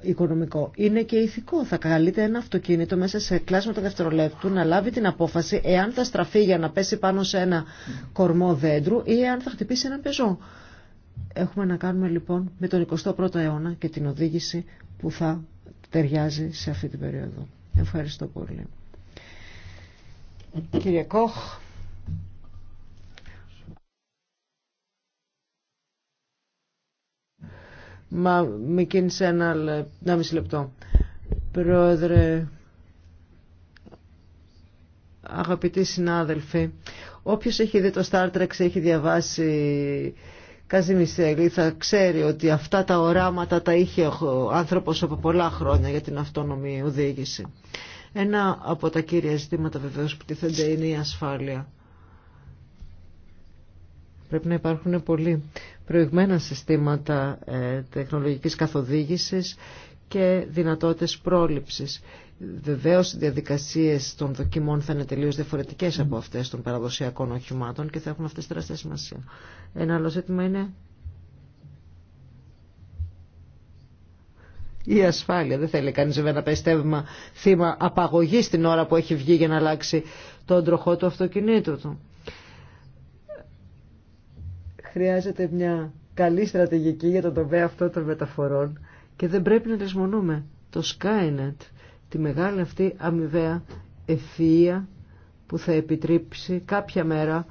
οικονομικό, είναι και ηθικό. Θα καλείται ένα αυτοκίνητο μέσα σε κλάσματα δευτερολέπτου να λάβει την απόφαση εάν θα στραφεί για να πέσει πάνω σε ένα κορμό δέντρου ή εάν θα χτυπήσει ένα πεζό. Έχουμε να κάνουμε λοιπόν με τον 21ο αιώνα και την οδήγηση που θα ταιριάζει σε αυτή την περίοδο. Ευχαριστώ πολύ. Μα με κίνησε ένα, μισή λεπτό. Πρόεδρε, αγαπητοί συνάδελφοι, όποιος έχει δει το Star Trek έχει διαβάσει Καζιμιστέλη θα ξέρει ότι αυτά τα οράματα τα είχε ο άνθρωπος από πολλά χρόνια για την αυτόνομη οδήγηση. Ένα από τα κύρια ζητήματα βεβαίως που τίθενται είναι η ασφάλεια. Πρέπει να υπάρχουν πολλοί προηγμένα συστήματα ε, τεχνολογικής καθοδήγησης και δυνατότητες πρόληψης. Βεβαίως οι διαδικασίες των δοκιμών θα είναι τελείως διαφορετικές από αυτές των παραδοσιακών οχημάτων και θα έχουν αυτές τεράστια σημασία. Ένα άλλο ζήτημα είναι η ασφάλεια. Δεν θέλει κανείς να πέσει θύμα απαγωγής την ώρα που έχει βγει για να αλλάξει τον τροχό του αυτοκινήτου του. Χρειάζεται μια καλή στρατηγική για τον τομέα αυτό των μεταφορών και δεν πρέπει να λησμονούμε το Skynet, τη μεγάλη αυτή αμοιβαία ευθεία που θα επιτρέψει κάποια μέρα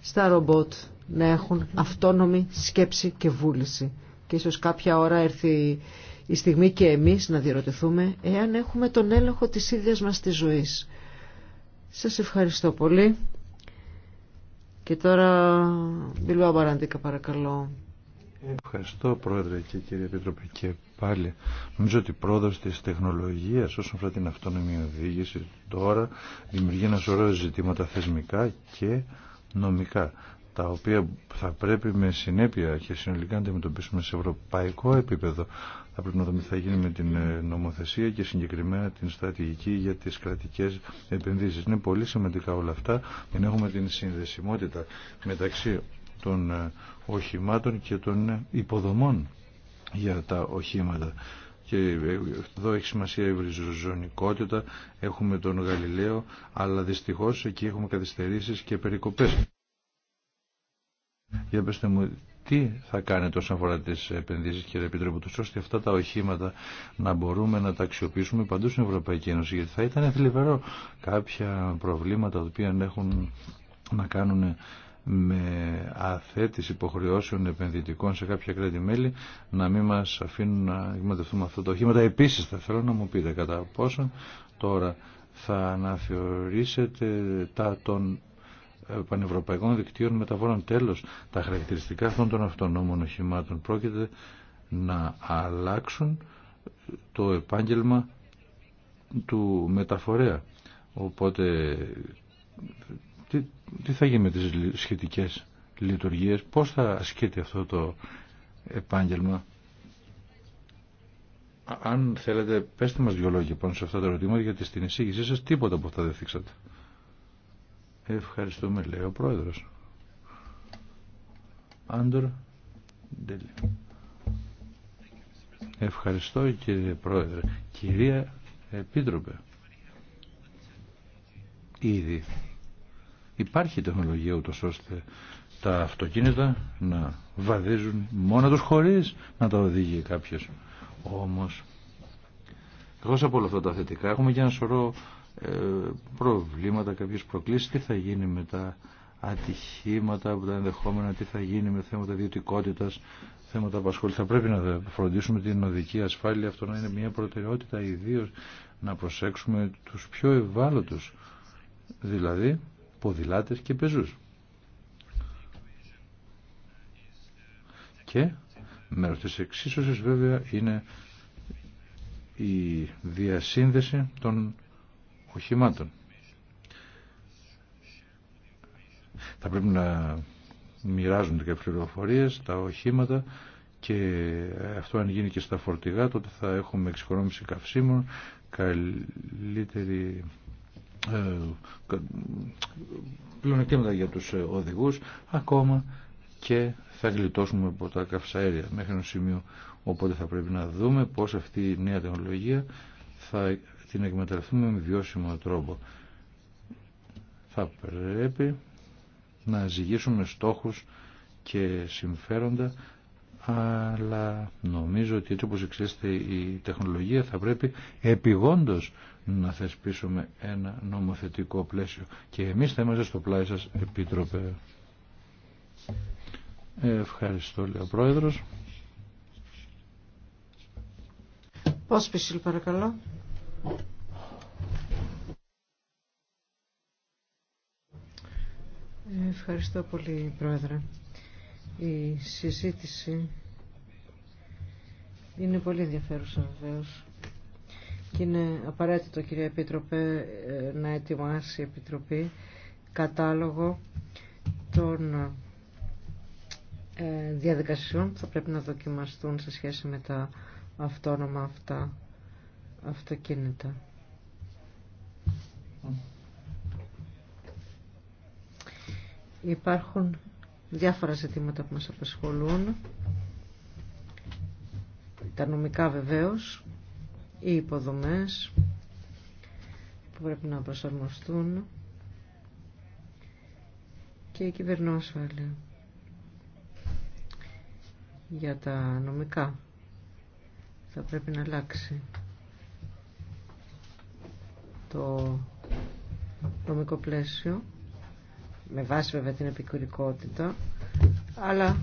στα ρομπότ να έχουν αυτόνομη σκέψη και βούληση. Και ίσως κάποια ώρα έρθει η στιγμή και εμείς να διερωτηθούμε εάν έχουμε τον έλεγχο της ίδιας μας της ζωής. Σας ευχαριστώ πολύ. Και τώρα, Μπιλουά Μπαραντίκα, παρακαλώ.
Ευχαριστώ, Πρόεδρε και κύριε Επιτροπή. Και πάλι, νομίζω ότι η πρόοδος της τεχνολογίας όσον αφορά την αυτόνομη οδήγηση τώρα δημιουργεί ένα σωρό ζητήματα θεσμικά και νομικά τα οποία θα πρέπει με συνέπεια και συνολικά να αντιμετωπίσουμε σε ευρωπαϊκό επίπεδο. Θα πρέπει να δούμε τι θα γίνει με την ε, νομοθεσία και συγκεκριμένα την στρατηγική για τις κρατικές επενδύσεις. Είναι πολύ σημαντικά όλα αυτά για έχουμε την συνδεσιμότητα μεταξύ των ε, οχημάτων και των ε, υποδομών για τα οχήματα. Και εδώ έχει σημασία η βριζοζωνικότητα, έχουμε τον Γαλιλαίο, αλλά δυστυχώς εκεί έχουμε καθυστερήσεις και περικοπές. Για τι θα κάνετε όσον αφορά τι επενδύσει κύριε Επιτρόπο του ώστε αυτά τα οχήματα να μπορούμε να τα αξιοποιήσουμε παντού στην Ευρωπαϊκή Ένωση γιατί θα ήταν θλιβερό κάποια προβλήματα τα οποία έχουν να κάνουν με αθέτηση υποχρεώσεων επενδυτικών σε κάποια κράτη-μέλη να μην μα αφήνουν να εκμεταλλευτούμε αυτά τα οχήματα. Επίση, θα θέλω να μου πείτε κατά πόσο τώρα θα αναθεωρήσετε τα των ε, πανευρωπαϊκών δικτύων μεταφορών. Τέλος, τα χαρακτηριστικά αυτών των αυτονόμων οχημάτων πρόκειται να αλλάξουν το επάγγελμα του μεταφορέα. Οπότε, τι, θα γίνει με τις σχετικές λειτουργίες, πώς θα ασκείται αυτό το επάγγελμα. Αν θέλετε, πέστε μας δυο λόγια πάνω σε αυτά τα ερωτήματα, γιατί στην εισήγησή σας τίποτα από αυτά δεν θίξατε. Ευχαριστούμε, λέει ο πρόεδρο. Ευχαριστώ κύριε Πρόεδρε. Κυρία Επίτροπε, ήδη υπάρχει τεχνολογία ούτως ώστε τα αυτοκίνητα να βαδίζουν μόνο τους χωρίς να τα οδηγεί κάποιος. Όμως, εγώ από όλα αυτά τα θετικά, έχουμε και ένα σωρό ε, προβλήματα, κάποιες προκλήσεις, τι θα γίνει με τα ατυχήματα, από τα ενδεχόμενα, τι θα γίνει με θέματα ιδιωτικότητα, θέματα απασχόληση. Θα πρέπει να φροντίσουμε την οδική ασφάλεια, αυτό να είναι μια προτεραιότητα, ιδίω να προσέξουμε τους πιο ευάλωτους, δηλαδή ποδηλάτες και πεζούς. Και μέρος της εξίσωσης βέβαια είναι η διασύνδεση των οχημάτων. Θα πρέπει να μοιράζονται και πληροφορίες, τα οχήματα και αυτό αν γίνει και στα φορτηγά τότε θα έχουμε εξοικονόμηση καυσίμων, καλύτερη ε, για τους ε, οδηγούς ακόμα και θα γλιτώσουμε από τα καυσαέρια μέχρι ένα σημείο οπότε θα πρέπει να δούμε πώς αυτή η νέα τεχνολογία θα την εκμεταλλευτούμε με βιώσιμο τρόπο. Θα πρέπει να ζυγίσουμε στόχους και συμφέροντα αλλά νομίζω ότι έτσι όπως εξέστε η τεχνολογία θα πρέπει επιγόντως να θεσπίσουμε ένα νομοθετικό πλαίσιο. Και εμείς θα είμαστε στο πλάι σας, Επίτροπε. Ευχαριστώ, λέει Πρόεδρος.
Πώς παρακαλώ. Ευχαριστώ πολύ, Πρόεδρε. Η συζήτηση είναι πολύ ενδιαφέρουσα βεβαίω. Και είναι απαραίτητο, κυρία Επίτροπε, να ετοιμάσει η Επιτροπή κατάλογο των ε, διαδικασιών που θα πρέπει να δοκιμαστούν σε σχέση με τα αυτόνομα αυτά αυτοκίνητα. Υπάρχουν διάφορα ζητήματα που μας απασχολούν. Τα νομικά βεβαίως, οι υποδομές που πρέπει να προσαρμοστούν και η κυβερνόσφαλη για τα νομικά θα πρέπει να αλλάξει το νομικό πλαίσιο με βάση βέβαια την επικουρικότητα αλλά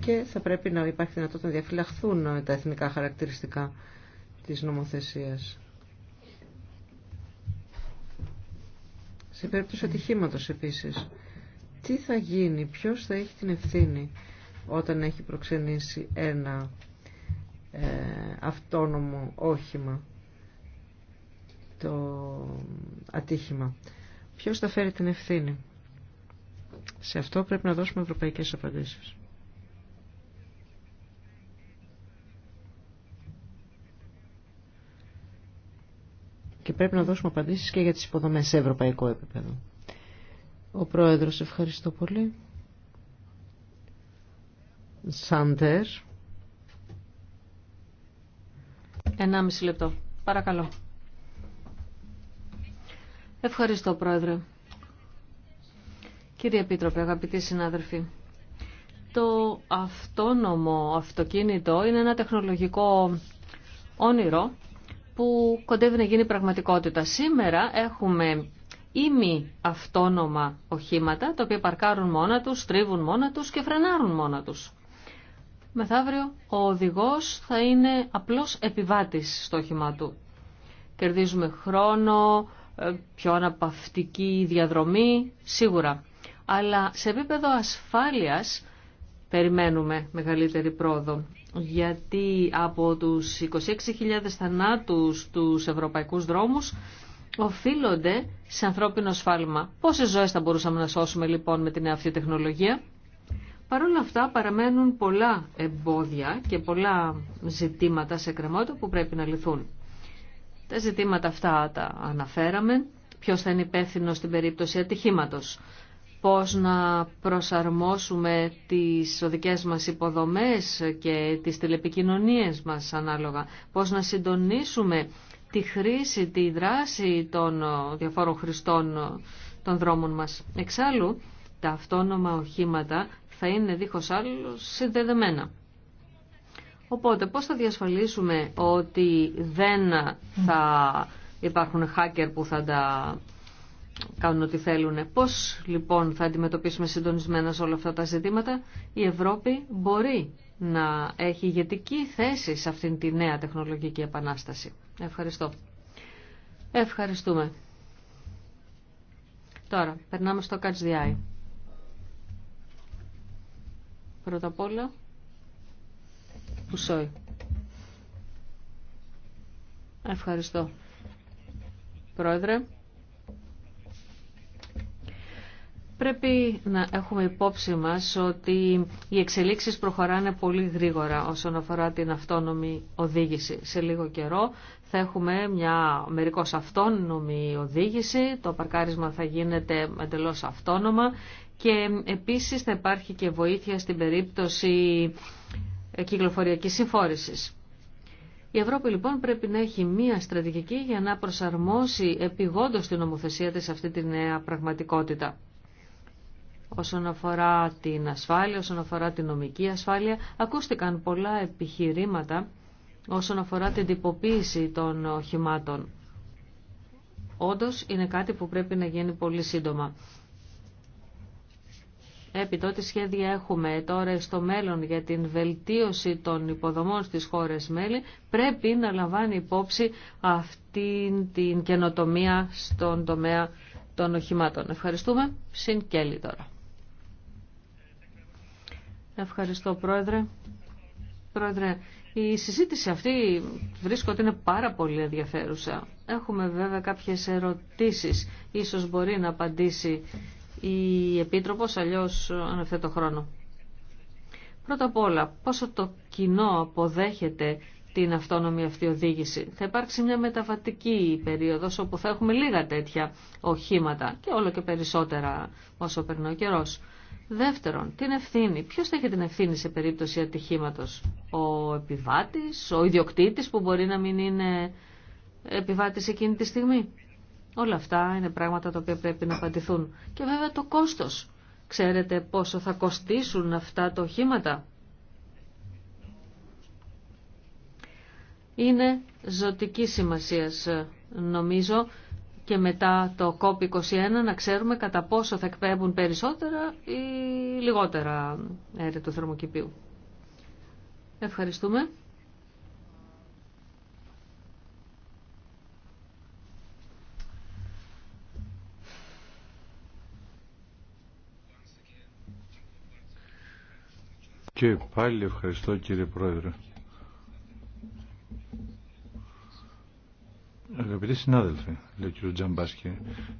και θα πρέπει να υπάρχει δυνατότητα να διαφυλαχθούν τα εθνικά χαρακτηριστικά της νομοθεσίας. Σε περίπτωση ατυχήματο επίσης, τι θα γίνει, ποιος θα έχει την ευθύνη όταν έχει προξενήσει ένα ε, αυτόνομο όχημα το ατύχημα. Ποιος θα φέρει την ευθύνη. Σε αυτό πρέπει να δώσουμε ευρωπαϊκές απαντήσεις. Και πρέπει να δώσουμε απαντήσεις και για τις υποδομές σε ευρωπαϊκό επίπεδο. Ο Πρόεδρος, ευχαριστώ πολύ. Σάντερ.
μισή λεπτό. Παρακαλώ. Ευχαριστώ, Πρόεδρε. Κύριε Επίτροπε, αγαπητοί συνάδελφοι, το αυτόνομο αυτοκίνητο είναι ένα τεχνολογικό όνειρο που κοντεύει να γίνει πραγματικότητα. Σήμερα έχουμε ήμι αυτόνομα οχήματα, τα οποία παρκάρουν μόνα τους, στρίβουν μόνα τους και φρενάρουν μόνα τους. Μεθαύριο ο οδηγός θα είναι απλώς επιβάτης στο όχημά του. Κερδίζουμε χρόνο, ε, πιο αναπαυτική διαδρομή, σίγουρα. Αλλά σε επίπεδο ασφάλειας περιμένουμε μεγαλύτερη πρόοδο. Γιατί από τους 26.000 θανάτους στους ευρωπαϊκούς δρόμους οφείλονται σε ανθρώπινο σφάλμα. Πόσες ζωές θα μπορούσαμε να σώσουμε λοιπόν με την αυτή τεχνολογία. Παρ' όλα αυτά παραμένουν πολλά εμπόδια και πολλά ζητήματα σε κρεμότητα που πρέπει να λυθούν. Τα ζητήματα αυτά τα αναφέραμε. Ποιο θα είναι υπεύθυνο στην περίπτωση ατυχήματο, πώ να προσαρμόσουμε τι οδικέ μας υποδομές και τις τηλεπικοινωνίες μας ανάλογα. πώ να συντονίσουμε τη χρήση, τη δράση των διαφόρων χρηστών των δρόμων μας. Εξάλλου, τα αυτόνομα οχήματα θα είναι δίχως άλλο συνδεδεμένα. Οπότε πώς θα διασφαλίσουμε ότι δεν θα υπάρχουν hacker που θα τα κάνουν ό,τι θέλουν. Πώς λοιπόν θα αντιμετωπίσουμε συντονισμένα σε όλα αυτά τα ζητήματα. Η Ευρώπη μπορεί να έχει ηγετική θέση σε αυτήν τη νέα τεχνολογική επανάσταση. Ευχαριστώ. Ευχαριστούμε. Τώρα, περνάμε στο Catch the Eye. Πρώτα απ' όλα, Ευχαριστώ. Πρόεδρε, πρέπει να έχουμε υπόψη μας ότι οι εξελίξεις προχωράνε πολύ γρήγορα όσον αφορά την αυτόνομη οδήγηση. Σε λίγο καιρό θα έχουμε μια μερικώς αυτόνομη οδήγηση, το παρκάρισμα θα γίνεται εντελώς αυτόνομα και επίσης θα υπάρχει και βοήθεια στην περίπτωση η Ευρώπη λοιπόν πρέπει να έχει μία στρατηγική για να προσαρμόσει επιγόντως την νομοθεσία της αυτή τη νέα πραγματικότητα. Όσον αφορά την ασφάλεια, όσον αφορά την νομική ασφάλεια, ακούστηκαν πολλά επιχειρήματα όσον αφορά την τυποποίηση των οχημάτων. Όντως είναι κάτι που πρέπει να γίνει πολύ σύντομα τότε σχέδια έχουμε τώρα στο μέλλον για την βελτίωση των υποδομών στις χώρες μέλη, πρέπει να λαμβάνει υπόψη αυτή την καινοτομία στον τομέα των οχημάτων. Ευχαριστούμε. Συν Κέλλη τώρα. Ευχαριστώ Πρόεδρε. Πρόεδρε, η συζήτηση αυτή βρίσκω ότι είναι πάρα πολύ ενδιαφέρουσα. Έχουμε βέβαια κάποιες ερωτήσεις. Ίσως μπορεί να απαντήσει η Επίτροπος, αλλιώς ανευθέτω όπου χρόνο. Πρώτα απ' όλα, πόσο το κοινό αποδέχεται την αυτόνομη αυτή οδήγηση. Θα υπάρξει μια μεταβατική περίοδος όπου θα έχουμε λίγα τέτοια οχήματα και όλο και περισσότερα όσο περνάει ο καιρός. Δεύτερον, την ευθύνη. Ποιο θα έχει την ευθύνη σε περίπτωση ατυχήματο, Ο επιβάτη, ο ιδιοκτήτη που μπορεί να μην είναι επιβάτη εκείνη τη στιγμή. Όλα αυτά είναι πράγματα τα οποία πρέπει να απαντηθούν. Και βέβαια το κόστος. Ξέρετε πόσο θα κοστίσουν αυτά τα οχήματα. Είναι ζωτική σημασία νομίζω και μετά το COP21 να ξέρουμε κατά πόσο θα εκπέμπουν περισσότερα ή λιγότερα αέρα του θερμοκηπίου. Ευχαριστούμε.
Και πάλι ευχαριστώ κύριε Πρόεδρε. Αγαπητοί συνάδελφοι, λέει ο κύριο Τζαμπάσκη,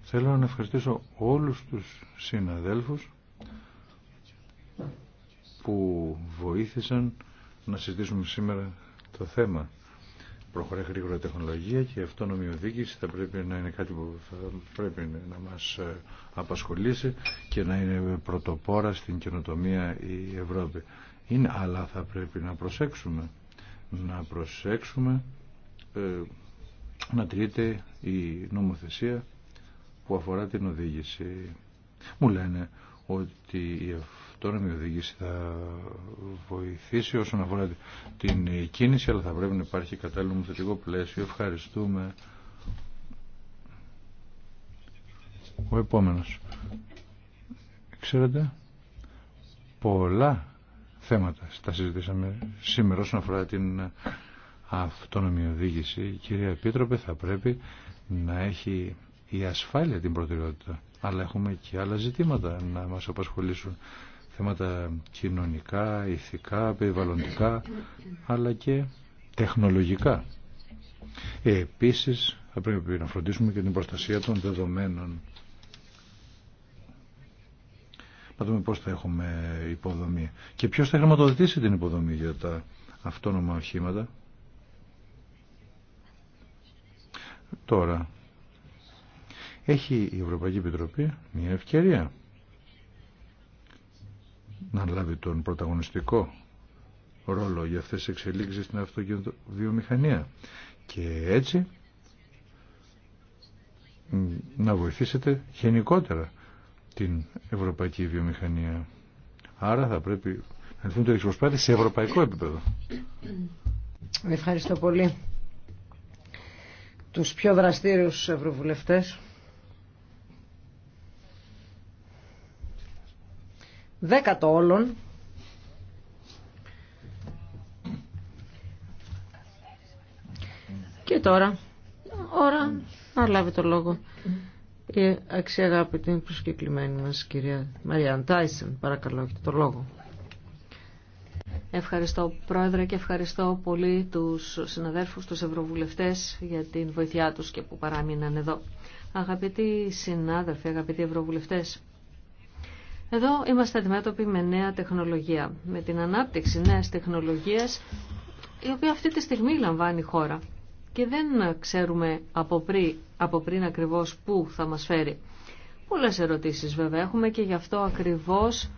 θέλω να ευχαριστήσω όλους τους συναδέλφους που βοήθησαν να συζητήσουμε σήμερα το θέμα. Προχωράει γρήγορα τεχνολογία και η αυτόνομη οδήγηση θα πρέπει να είναι κάτι που θα πρέπει να μας ε, απασχολήσει και να είναι πρωτοπόρα στην καινοτομία η Ευρώπη είναι, αλλά θα πρέπει να προσέξουμε, να προσέξουμε ε, να τηρείται η νομοθεσία που αφορά την οδήγηση. Μου λένε ότι η αυτόνομη οδήγηση θα βοηθήσει όσον αφορά την κίνηση, αλλά θα πρέπει να υπάρχει κατάλληλο νομοθετικό πλαίσιο. Ευχαριστούμε. Ο επόμενος. Ξέρετε, πολλά θέματα. Τα συζητήσαμε σήμερα όσον αφορά την αυτόνομη οδήγηση. Η κυρία Επίτροπε θα πρέπει να έχει η ασφάλεια την προτεραιότητα. Αλλά έχουμε και άλλα ζητήματα να μας απασχολήσουν. Θέματα κοινωνικά, ηθικά, περιβαλλοντικά, αλλά και τεχνολογικά. Επίσης, θα πρέπει να φροντίσουμε και την προστασία των δεδομένων να δούμε πώς θα έχουμε υποδομή και ποιος θα χρηματοδοτήσει την υποδομή για τα αυτόνομα οχήματα. Τώρα, έχει η Ευρωπαϊκή Επιτροπή μια ευκαιρία να λάβει τον πρωταγωνιστικό ρόλο για αυτές τις εξελίξεις στην αυτοκινητοβιομηχανία και έτσι να βοηθήσετε γενικότερα την ευρωπαϊκή βιομηχανία. Άρα θα πρέπει να λυθούν τέτοιες προσπάθειε σε ευρωπαϊκό επίπεδο.
Ευχαριστώ πολύ τους πιο δραστήριους ευρωβουλευτές. Δέκατο όλων. Και τώρα, ώρα να λάβει το λόγο. Η αξιαγάπητη προσκεκλημένη μας κυρία Μαριάν Τάισεν, παρακαλώ, έχετε το λόγο.
Ευχαριστώ Πρόεδρε και ευχαριστώ πολύ τους συναδέρφους, τους Ευρωβουλευτές για την βοήθειά τους και που παράμειναν εδώ. Αγαπητοί συνάδελφοι, αγαπητοί Ευρωβουλευτές, εδώ είμαστε αντιμέτωποι με νέα τεχνολογία, με την ανάπτυξη νέας τεχνολογίας η οποία αυτή τη στιγμή λαμβάνει η χώρα και δεν ξέρουμε από πριν, από πριν ακριβώς πού θα μας φέρει. Πολλές ερωτήσεις βέβαια έχουμε και γι' αυτό ακριβώς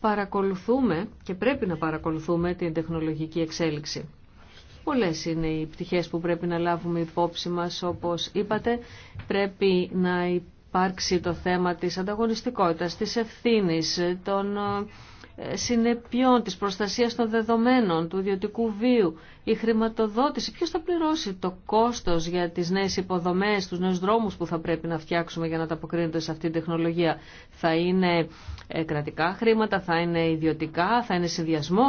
παρακολουθούμε και πρέπει να παρακολουθούμε την τεχνολογική εξέλιξη. Πολλές είναι οι πτυχές που πρέπει να λάβουμε υπόψη μας, όπως είπατε, πρέπει να υπάρξει το θέμα της ανταγωνιστικότητας, της ευθύνης, των ε, συνεπειών, της προστασίας των δεδομένων, του ιδιωτικού βίου, η χρηματοδότηση. Ποιος θα πληρώσει το κόστος για τις νέες υποδομές, τους νέους δρόμους που θα πρέπει να φτιάξουμε για να τα αποκρίνονται σε αυτήν την τεχνολογία. Θα είναι ε, κρατικά χρήματα, θα είναι ιδιωτικά, θα είναι συνδυασμό.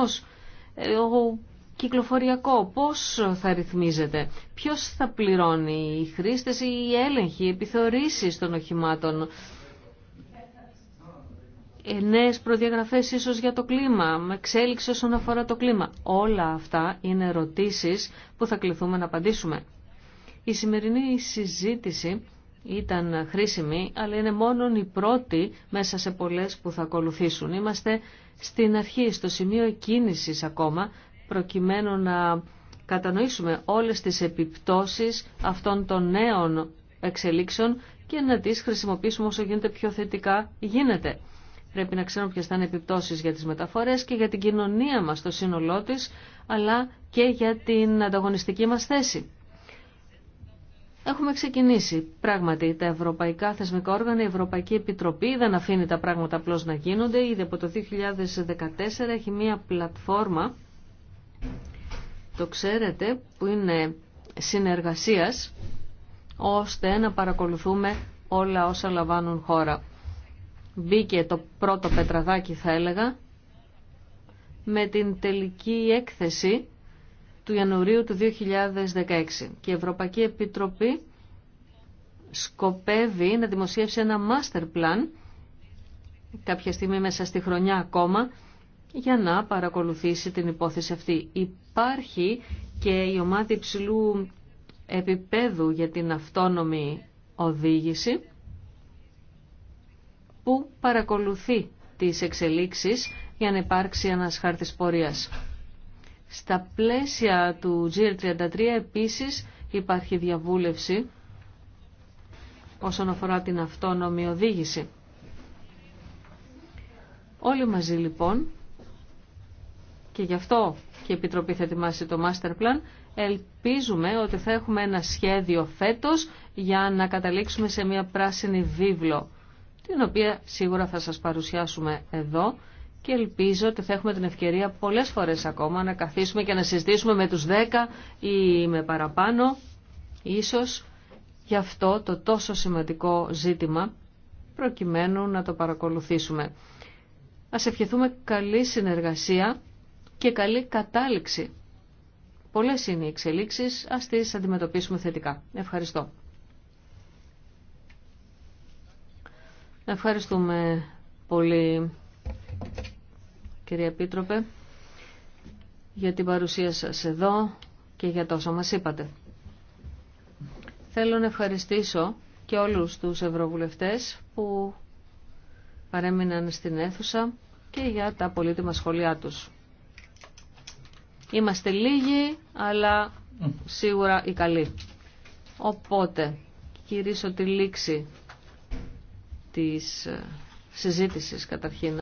Ε, ο κυκλοφοριακό πώς θα ρυθμίζεται, ποιος θα πληρώνει, οι χρήστες ή οι έλεγχοι, οι επιθεωρήσεις των οχημάτων, ε, νέες προδιαγραφέ ίσως για το κλίμα, με εξέλιξη όσον αφορά το κλίμα. Όλα αυτά είναι ερωτήσει που θα κληθούμε να απαντήσουμε. Η σημερινή συζήτηση ήταν χρήσιμη, αλλά είναι μόνον η πρώτη μέσα σε πολλές που θα ακολουθήσουν. Είμαστε στην αρχή, στο σημείο κίνησης ακόμα, προκειμένου να κατανοήσουμε όλες τις επιπτώσεις αυτών των νέων εξελίξεων και να τις χρησιμοποιήσουμε όσο γίνεται πιο θετικά γίνεται. Πρέπει να ξέρουμε ποιε θα είναι επιπτώσεις για τις μεταφορές και για την κοινωνία μας, το σύνολό τη, αλλά και για την ανταγωνιστική μας θέση. Έχουμε ξεκινήσει. Πράγματι, τα ευρωπαϊκά θεσμικά όργανα, η Ευρωπαϊκή Επιτροπή δεν αφήνει τα πράγματα απλώ να γίνονται. Ήδη από το 2014 έχει μία πλατφόρμα, το ξέρετε, που είναι συνεργασίας, ώστε να παρακολουθούμε όλα όσα λαμβάνουν χώρα μπήκε το πρώτο πετραδάκι θα έλεγα με την τελική έκθεση του Ιανουαρίου του 2016 και η Ευρωπαϊκή Επιτροπή σκοπεύει να δημοσιεύσει ένα master plan κάποια στιγμή μέσα στη χρονιά ακόμα για να παρακολουθήσει την υπόθεση αυτή. Υπάρχει και η ομάδα υψηλού επίπεδου για την αυτόνομη οδήγηση που παρακολουθεί τις εξελίξεις για να υπάρξει ένας χάρτης πορείας. Στα πλαίσια του GR33 επίσης υπάρχει διαβούλευση όσον αφορά την αυτόνομη οδήγηση. Όλοι μαζί λοιπόν, και γι' αυτό και η Επιτροπή θα ετοιμάσει το Master Plan, ελπίζουμε ότι θα έχουμε ένα σχέδιο φέτος για να καταλήξουμε σε μια πράσινη βίβλο την οποία σίγουρα θα σας παρουσιάσουμε εδώ και ελπίζω ότι θα έχουμε την ευκαιρία πολλές φορές ακόμα να καθίσουμε και να συζητήσουμε με τους 10 ή με παραπάνω ίσως γι' αυτό το τόσο σημαντικό ζήτημα προκειμένου να το παρακολουθήσουμε. Ας ευχηθούμε καλή συνεργασία και καλή κατάληξη. Πολλές είναι οι εξελίξεις, ας τις αντιμετωπίσουμε θετικά. Ευχαριστώ. Ευχαριστούμε πολύ κυρία Επίτροπε για την παρουσία σας εδώ και για τόσο μας είπατε. Θέλω να ευχαριστήσω και όλους τους ευρωβουλευτές που παρέμειναν στην αίθουσα και για τα πολύτιμα σχόλιά τους. Είμαστε λίγοι, αλλά σίγουρα οι καλοί. Οπότε, κυρίσω τη λήξη της ε, συζήτησης καταρχήν.